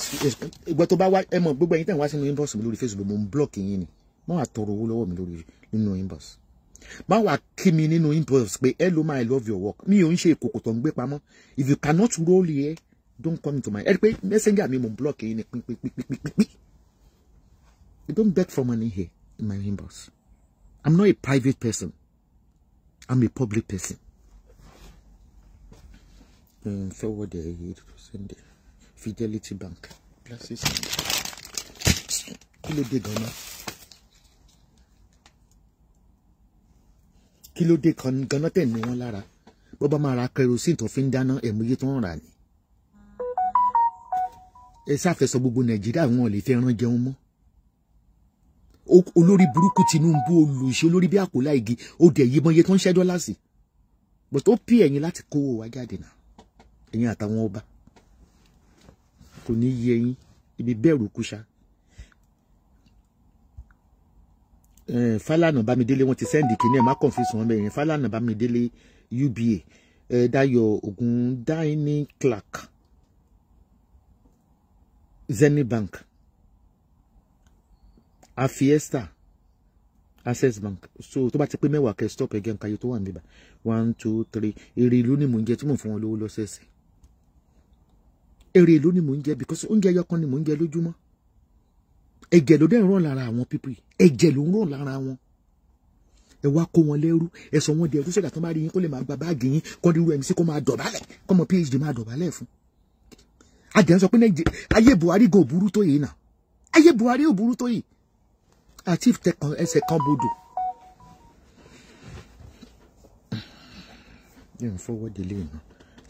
ìgbà tó bá wá ẹ mọ̀ gbogbo ẹ̀yin tẹ̀ wá sínú inbox mi lórí Facebook mo ń block yín ni wọ́n á tọrọ owó lọ́wọ́ mi lórí nínú inbox má wàá kí mi nínú impulse pé hello my I love your work mi ò ń ṣe ìkòkò tó ń gbé pamọ́ if you cannot roll here don't come to my ẹ rí pé messenger mi mò ń block yín ni pínpínpínpínpínpín you don't beg for money here in my inbox I'm not a private person I'm a public person. forward the aid send Fidelity Bank. Glasses. Kí ló dé gan-an? kí ló dé ganan tẹ̀ ní wọn lára bó bá máa ra kerosene tó fi ń dáná ẹ̀múyé tó ń rà ní. ẹ sáfẹsọ gbogbo nàìjíríà wọn lè fẹ́ ran jẹun mọ́ olórí burúkú Tinubu olùṣe olórí bí àkólá igi ó dẹ̀ yí mọ́yé tó ń ṣẹ́ dọ́là sí but ó pè ẹ̀yin láti kówó wa jáde náà ẹ̀yin àtàwọn ọba kò ní yẹ yín ibi bẹ́ẹ̀ rò kú ṣáá. Eh, Falana Bamidele wọ́n ti sẹ́ndì kìíní ẹ̀ má confuse wọn bẹ́ẹ̀ yẹn Falana Bamidele UBA ẹ̀ eh, Dayo Ogundaini Clark Zenith Bank Afiesta Access Bank so tó bá ti pé mẹ́wàá kẹ́ stop ẹ̀gẹ́ nǹkan ayé tó wà níbà one two three èrè ìlú ni mò ń jẹ tí mò ń fún wọn lówó lọ́sẹ̀ẹ̀sẹ̀ èrè ìlú ni mò ń jẹ because oúnjẹ ẹyọ kan ni mò ń jẹ lójúmọ́ ẹ̀jẹ̀ ló dẹ̀ ń ràn lára àwọn pípì yìí ẹ̀jẹ̀ ló ń rò lára wọn ẹ wá kó wọn lẹ́rú ẹ sọ wọn di ẹrú sọdà tó bá rí yín kó lè máa gba báàgì yín kọ́ dirú mc kó máa dọ̀bálẹ̀ kọ́ mọ phd máa dọ̀bálẹ̀ fún. àjẹ́ sọ pé ayé buhari gò burú tó yìí nà ayé buhari ò burú tó yìí àti ẹsẹ̀ kan bodò. yẹn fọwọ́ délé náà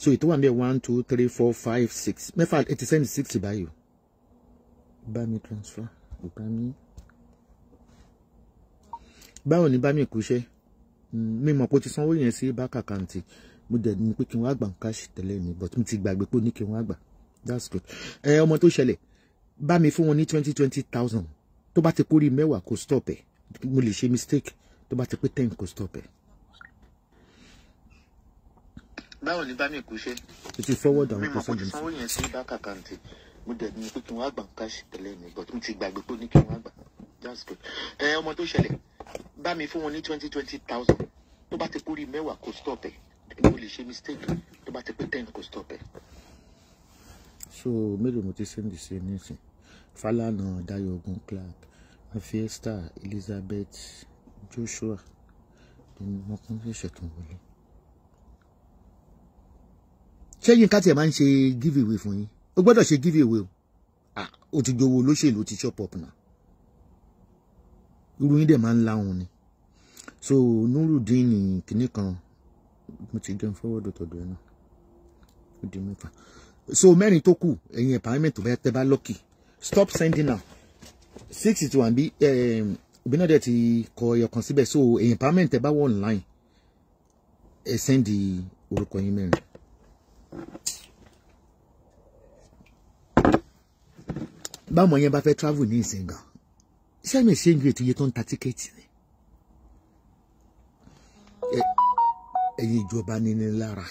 so ètò wà ní one two three four five six mẹ́fà ẹ ti sẹ́ni six báyìí o bá mi transfer ò bá báwo ni bá mi kú mi mọ̀ pé ó ti sanwó yẹn sí bank account mo dẹ̀ ni pé kí n wá gbà ń cash tẹ́lẹ̀ mi but mo ti gbàgbé pé ní kí n wá gbà that's good ẹ ọmọ tó ṣẹlẹ̀ bá mi fún wọn ní twenty twenty thousand tó bá ti kórìí mẹ́wàá kò stop ẹ̀ mo lè ṣe mistake tó bá ti pé ten kò stop ẹ̀. báwo ni bá mi kú o ti forward àwọn kò sọ́jú mi. mi mọ̀ pé ó ti sanwó yẹn sí bank account mo dẹ̀ ní pé kí n wá gbà ń cash tẹ́lẹ̀ mi but mo ti gbàgbé pé ní kí n wá gbà that's good ẹ ọmọ tó ṣẹlẹ̀ bá mi fún wọn ní twenty twenty thousand tó bá ti kórìí mẹ́wàá kò stop ẹ̀ mo lè ṣe mistake tó bá ti pé ten kò stop ẹ̀. so mélòó mo ti send the same nísìn Falana Dayogun Clark afiesta Elizabeth Joshua ọmọkùnrin ṣẹ̀ṣẹ̀ tó ń wọlé ṣẹ́yìn ká tiẹ̀ máa ń ṣe give away fún yín o gbọ́dọ̀ ṣe give away o ah, o ti gbowó olóṣèlú ti chop up náà irú yín dẹ̀ máa ń láwọn ni so nurudeen kìíní kan mo ti jẹun forward tọ̀dọ̀ ẹ̀ náà ó di mẹ́fà so mẹ́rin tó kù ẹ̀yin empowerment tó bá tẹ́ bá lọ́kì stop sending now six to one bí òbí eh, náà dẹ̀ ti kọ ẹyọkan síbẹ̀ so ẹ̀yin empowerment tẹ́ bá wọ̀ online ẹ sẹ́ndì orúkọ yín mẹ́rin. báwọn yẹn bá fẹ́ travel ní ìsìn gan sẹ́mi exchange rate iye tó ń ta tíkẹ́ẹ̀tì ni ẹ̀yin ìjọba níní lára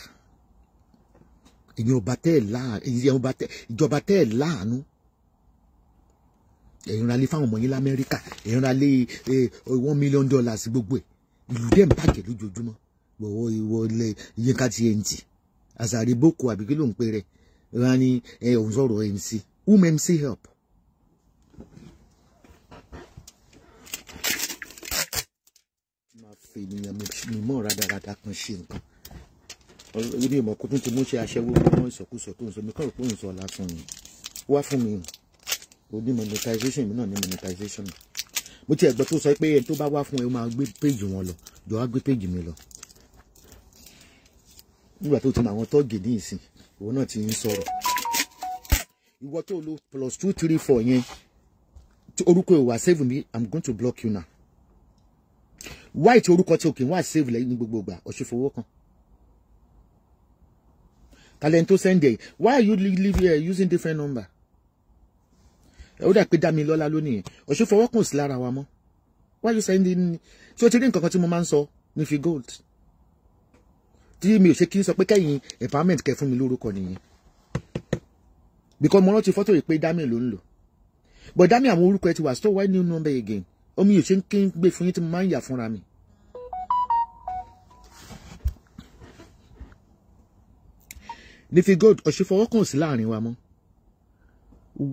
ẹ̀yin ọba tẹ́ ẹ̀ láàánú ìjọba tẹ́ ẹ̀ láàánú ẹ̀yin ralé fáwọn ọmọ yín lamẹ́ríkà ẹ̀yin ralé one million dollars gbogbo ẹ̀ ìlú dẹ̀ ń bàjẹ́ lójoojúmọ́ wọ́wọ́ ìwọ ilẹ̀ yínká TNT àṣàrí boko àbíkí ló ń pè rẹ̀ wọn ni ẹ̀ òun sọ̀rọ̀ MC whom MC help. ènìyàn mímọ́ radarada kan ṣe nǹkan orí ìmọ̀ kó tún ti mú ṣe aṣẹ́wó mọ́ ìsọkúsọ tó ń sọ mi kọ́ òpó ìsọ lásán ni wá fún mi o ní monetization mi náà ní monetization mo ti ẹ̀gbọ́n tó sọ pé ẹni tó bá wá fún ẹ ó máa gbé péjì wọn lọ jọ wá gbé péjì mi lọ nígbà tó ti mọ àwọn tọ́ọ̀gì ní ìsìn ìwọ náà ti ń sọ̀rọ̀ ìwọ tó lo plus two three four yẹn orúkọ ìwà save me i'm going to block you now white orúkọ tí òkè wá save lẹ́yìn ní gbogbo ìgbà ọ̀ṣẹ́fowó kan talento sende why are you live eh, here using different number ó dà pé dami lọ́la lónìí ọ̀ṣẹ́fowókùn sí lára wa mọ́ why you sending tí o ti rí nǹkan kan tí mo máa ń sọ ní fi gold tí mi ò ṣe kí n sọ pé kẹ́yìn empowerment kẹ fún mi lórúkọ nìyẹn because mo rántí fọ́tò yìí pé dami ló ń lò but dami àwọn orúkọ ẹ ti wà so why new number again omi ò ṣe ń kí n gbé fún yín tí mo máa ń yà fúnra mi nífi gold ọ̀ṣẹ́ fọwọ́ kàn sí láàrin wa mọ́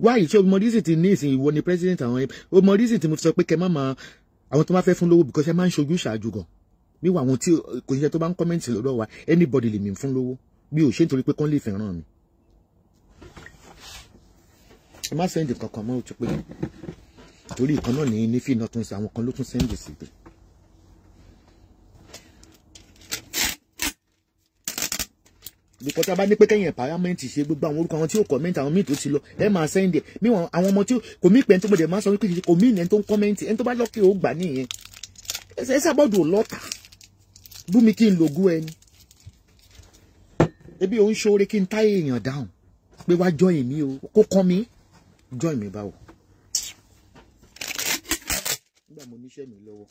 wáyé tí ọmọ reason ti ní ìsìn ìwọ ni president àwọn ẹ ọmọ reason ti mo sọ pé kẹ má máa àwọn tó bá fẹ́ fún lówó because ẹ máa ń ṣojú ṣáájú gan níwọ̀ àwọn tí kò ṣiṣẹ́ tó bá ń kọ́mẹ́ǹtì lọ́dọ̀ wa anybody lè mí fún lówó bí ò ṣe nítorí pé kán lè fẹ́ràn mi. ẹ má sẹ́ndì kankan mọ́ ó ti pé torí ìkan náà ní nífìnà tún sí àwọn kan ló tún sẹ́ndì sí i. because tá a bá ní pé kẹ́yìn empowerment ṣe gbogbo àwọn orúkọ àwọn tí ó comment àwọn míì tó ti lọ ẹ máa send ẹ mí wọn àwọn ọmọ tí kò mí pẹ́ ẹni tó mo dẹ̀ máa sọ wípé kò mí ìnẹ́ni tó ń comment ẹni tó bá lọ́kẹ́ ó gbà nìyẹn ẹ sábọ́dọ̀ lọ́tà bú mi kí n lògùn ẹni ebi òun ṣoore kí n táyé èèyàn dáhùn pé wá join mi o kó kọ́ mi join mi báwo nígbà mo níṣẹ́ mi lọ́wọ́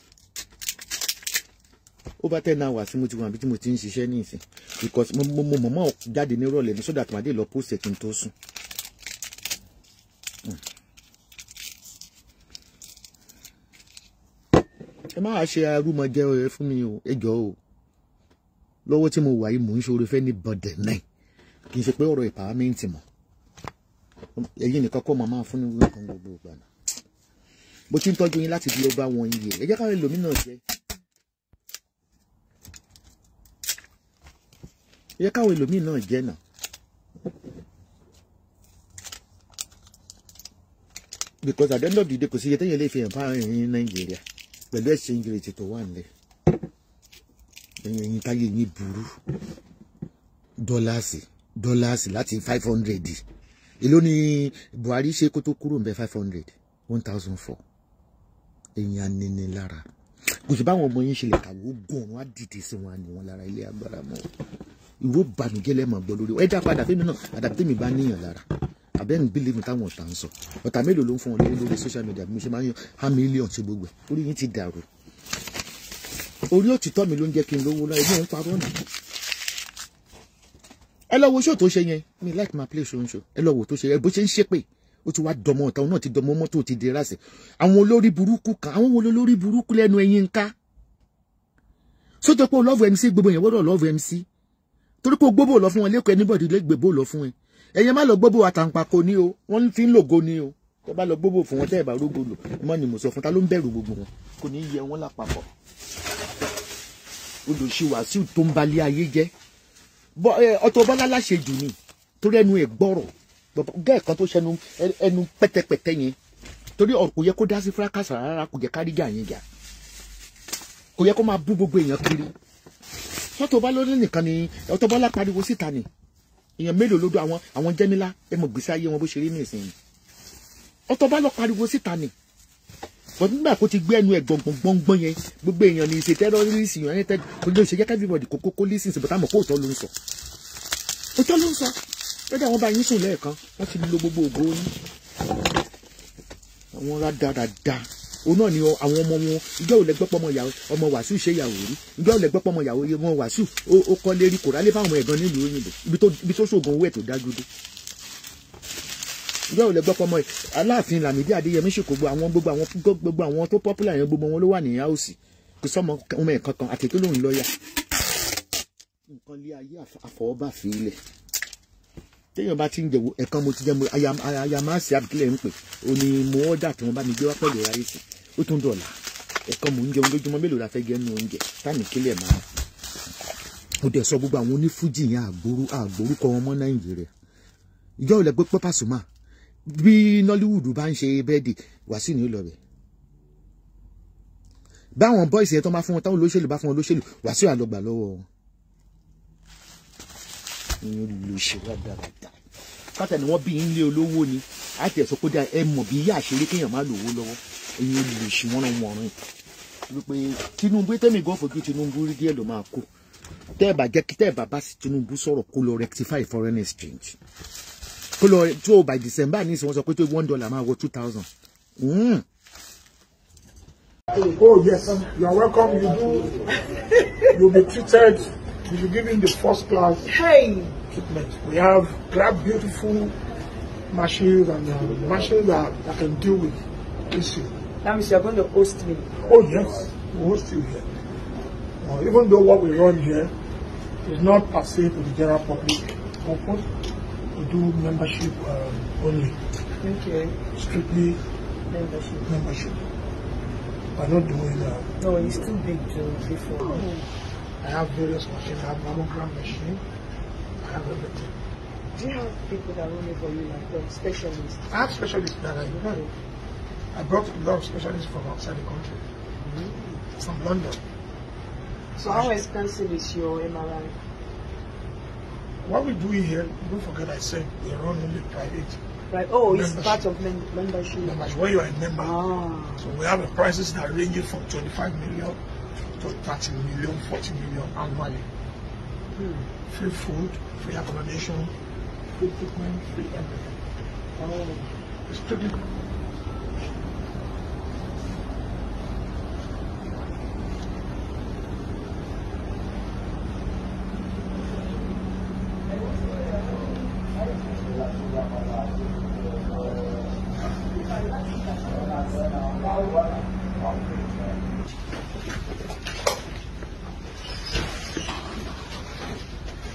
over ten hours mo ti wà níbi mo ti ń ṣiṣẹ́ ní ìsìn because mo mo mo mọ̀ jáde ní ìrọ̀lẹ́ ní sódà tó máa dé lọ post ẹ̀ kí n tó sùn. ẹ máa ṣe arúmọjẹ ọ̀rẹ́ fún mi o ẹ jọ o lọ́wọ́ tí mo wà yìí mò ń ṣoore fẹ́ ní bọ̀dẹ̀ náà kì í ṣe pé ọ̀rọ̀ ìpàámẹ́ǹtì mọ̀ ẹ̀yin nìkan kọ́ mọ̀ máa fún ní wíwọ́n kan gbogbo ìgbà náà ti ń tọ́jú yín láti di ọba wọn yìí ẹ jẹ́ ká lè lòmínà jẹ́ yẹ káwọn ẹlòmíì náà jẹ́ náà. because at the end of the day kò sí iye téèyàn lè fi hàn fáwọn èèyàn ní nàìjíríà pẹ̀lú exchange rate tó wà nílẹ̀ ẹ̀yìn ẹ̀yìn táyé yín burú dọ́làsì dọ́làsì láti five hundred èló ni buhari ṣe kó tó kúrò nbẹ five hundred one thousand four ẹ̀yìn aninilára kò sí báwọn ọmọ yín ṣe lè kàwé ogun ọ̀run á dìde sí wọn àníwọ̀n lára ilé agbára mọ́ ìwọ bànújẹ́ lẹ́mọ̀ gbọ́ lórí ẹ dá padà fẹ́mi náà àdàbí tèmi bá níyàn lára àbẹ́ ń bílíìmù táwọn ọ̀tá ń sọ ọ̀tá mélòó ló ń fún wọn lórí lórí social media bí mo ṣe máa ń yan á mílíọ̀n tí gbogbo ẹ̀ orí yín ti dàrú orí òtítọ́ mi ló ń jẹ́ kí n lówó lọ ẹ̀mí ò ń parọ́ nù ẹ lọ wo ṣó tó ṣe yẹn mi like my place. ṣoṣo ẹ lọ wo tó ṣe yẹn bó ṣe ń ṣépè ó ti wá dọmọ ọ̀tá òun náà ti dọmọ mọ́tò ti di ráàsì àwọn olórí burúkú kan àwọn wo burúkú lẹ́nu ẹ̀yìn ká sójọpọ̀ love MC gbogbo yẹn wọ́dọ̀ love MC torí pé o gbóbò lọ fún wọn lẹ́kọ̀ọ́ anybody lè gbèbò lọ fún ẹ ẹ̀yẹ má lọ gbóbò àtàǹpàkò ní o wọ́n ti ń lògo ní o tẹ bá lọ gbóbò fún wọn tẹ ẹ bá rógbò lò mọ́ ni mo sọ fún ta ló ń bẹ̀rù gbogbo wọn kò ní yẹ wọn lápapọ̀ olùṣèwàsíù tó ń balẹ̀ ayé jẹ́ Auto Bola láṣejù ni torí ẹnu ẹ̀ gbọ́rọ̀ gẹ́ẹ̀ kan tó ṣẹnu ẹnu pẹ́tẹpẹ́tẹ yẹn torí kò yẹ kó dá sí fúrákàsà rárá kò yẹ ká sọ́tò bá lórí nìkan ni Auto Bola pariwo síta ni èèyàn mélòó ló dún àwọn àwọn jẹ́mílá ẹ mọ̀ gbèsè ayé wọn bó ṣe rí nìsín Auto Bola pariwo síta ni but nígbà kó ti gbé ẹnu ẹ gbọ̀ngbọ̀ngbọ̀n yẹn gbogbo èèyàn ní ìṣe terrorist yàn yẹn tẹ kò lè ṣe jẹ́kẹ́ everybody kò kókó lísìn sí bọ́tà mọ̀ kó òótọ́ ló ń sọ òótọ́ ló ń sọ lọ́dọ̀ àwọn bá yín sùn lẹ́ẹ̀kan wọ́n ti lo gbogbo ògo yín àwọn rádaràda òun náà ni àwọn ọmọ wọn ìjọ òun lẹgbẹ́ pọ́mọ yàwó ọmọ wàsíù ṣe yàwó rí ìjọ òun lẹgbẹ́ pọ́mọ yàwó wọn wàsíù ó kọ́ lérí kò rálé fáwọn ẹ̀gán nílùú òyìnbó ibi tó ṣògùn owó ẹ̀ tó dájú dé ìjọ òun lẹgbẹ́ pọ́mọ aláàfin làmídí adéyẹmí ṣe kò gbọ́ àwọn gbogbo àwọn gbogbo àwọn tó popular yẹn gbogbo wọn ló wà ní house kò sọmọ ọmọ ẹ̀ kankan àtẹ̀tẹ̀ lòun lọ́ọ̀yà téèyàn bá ti ń jẹ̀wò ẹ̀kan mo ti jẹ́ mo ayamasi abikilẹ̀ ń pè ó ní mo ọ́dà tí wọ́n bá mi gbé wá pẹ̀lú ráyè sí ó tún dọ̀là ẹ̀kan mo ń jẹun lójúmọ́ mélòó la fẹ́ jẹ́ nínú oúnjẹ táàmì kílẹ̀ máa ó dẹ̀ sọ gbogbo àwọn onífújì yẹn àgbórú àgbórúkọ ọmọ nàìjíríà ìjọ ìlẹ̀ pé pẹ́pàṣùmá bí nollywood bá ń ṣe bẹ́ẹ̀dì wàásù ni ó lọ bẹ̀ báwọn bọ́ìsì yẹn tó máa fún wọn táwọn olóṣèlú bá fún wọn olóṣèlú wàásù àlọ́gbà lọ́wọ́ wọn ìyẹn olùṣe wà dáradára pátá ni wọ́n bí ń lé olówó ni àti kó dá ẹ mọ̀ bí yá àṣírí kéèyàn má lówó lọ́wọ́ ìyẹn olùṣe wọ́n rán wọn rìn wípé Tinubu tẹ́mi gan fojú Tinubu rí díẹ̀ ló máa kó tẹ́ ẹ̀ bá jẹ́ kí tẹ́ ẹ̀ bá bá Tinubu sọ̀rọ̀ kó lọ rectify foreign exchange kó lọ tó o by December ní ìsìn wọn sọ pé tó one dollar máa wọ two thousand. Hmm. Oh yes, you are welcome. You do. You be treated We'll be giving the first class hey. We have great, beautiful machines and uh, machines that, that can deal with issue. That means you're going to host me. Oh, yes. We'll host you here. Uh, even though what we run here is not per se to the general public purpose, we do membership um, only. Okay. Strictly membership. membership. We're not doing that. No, it's too big to before. Oh. I have various machines. I have mammogram machine. I have everything. Do you have people that run for you like um, specialists? I have specialists that I know. I brought a lot of specialists from outside the country, mm -hmm. from London. So how expensive is your MRI? What we do here, don't forget I said they run only private. Right. Oh, membership. it's part of mem membership. Membership, where you are a member. Ah. So we have a prices that range from 25 million to 30 million, 40 million annually. Hmm. Free food, free accommodation, free equipment, free everything. Oh. It's pretty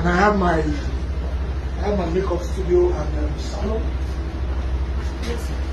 And I have my I have my makeup studio and um, salon. Yes.